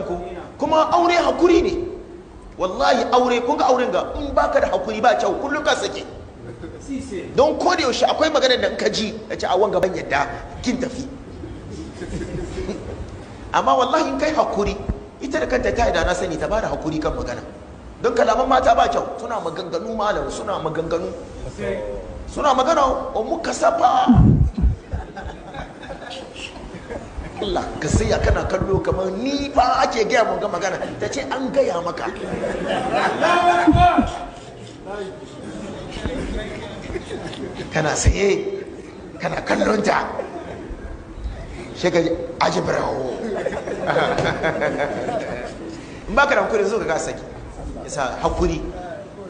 ko kuma aure hakuri ne wallahi aure kun ga auren ga in baka da hakuri ba kyau kullum ka sake don ko da akwai maganar da in ka ji a ci awon wanga ban yadda kin tafi amma wallahi in kai hakuri ita da kanta ta da na sani ta bada hakuri kan magana don kalaman mata ba kyau suna maganganu malam suna maganganu suna magana o muka safa Allah ka saya kana kallo kamar ni ba ake gaya mun ga magana ta ce an gaya maka kana saye kana kallon ta shi ka in ba ka da hankuri zo ka ga saki yasa hakuri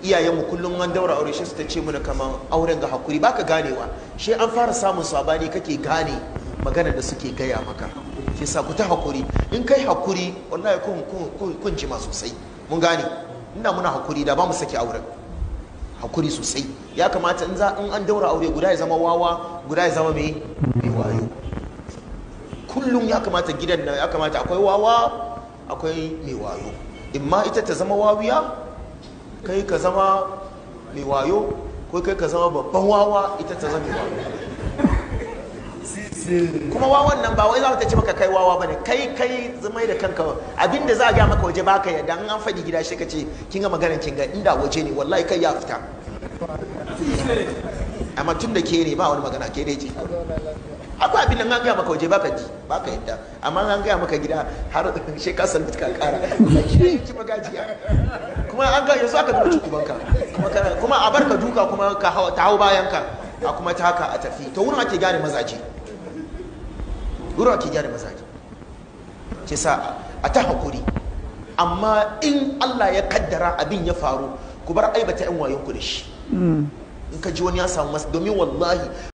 iyayenmu kullum an daura aure shi su ta ce mana kamar auren ga hakuri ba ka ganewa shi an fara samun sabani kake gane magana da suke gaya maka ke sa ku ta hakuri in kai hakuri wallahi kun kun jima sosai mun gane ina muna hakuri da ba mu saki auren hakuri sosai ya kamata in za in an daura aure guda ya zama wawa guda ya zama mai me wayo kullum ya kamata gidan nan ya kamata akwai wawa akwai mai wayo imma ita ta zama wawiya kai ka zama mai wayo ko kai ka zama babban wawa ita ta zama mai wayo kuma wawan nan ba wai za ta ci maka kai wawa bane kai kai zamai da kanka abinda za a ga maka waje baka yadda an faɗi gida shi ka ce kin ga maganar kin ga inda waje ne wallahi kai ya fita amma tun da ke ne ba wani magana ke ne ce akwai abin da an gaya maka waje baka ji baka yadda amma an gaya maka gida har shi ka san ka kara ci magajiya kuma an ga yanzu aka duka tukuban ka kuma a barka duka kuma ka ta hau bayan ka a kuma ta haka a tafi to wurin ake gane mazaje ruwa ke gyara mazaje ce sa a ta hakuri amma in Allah ya kaddara abin ya faru ku bar aibata yan wayon ku da shi mm. in ka ji wani ya samu masa domin wallahi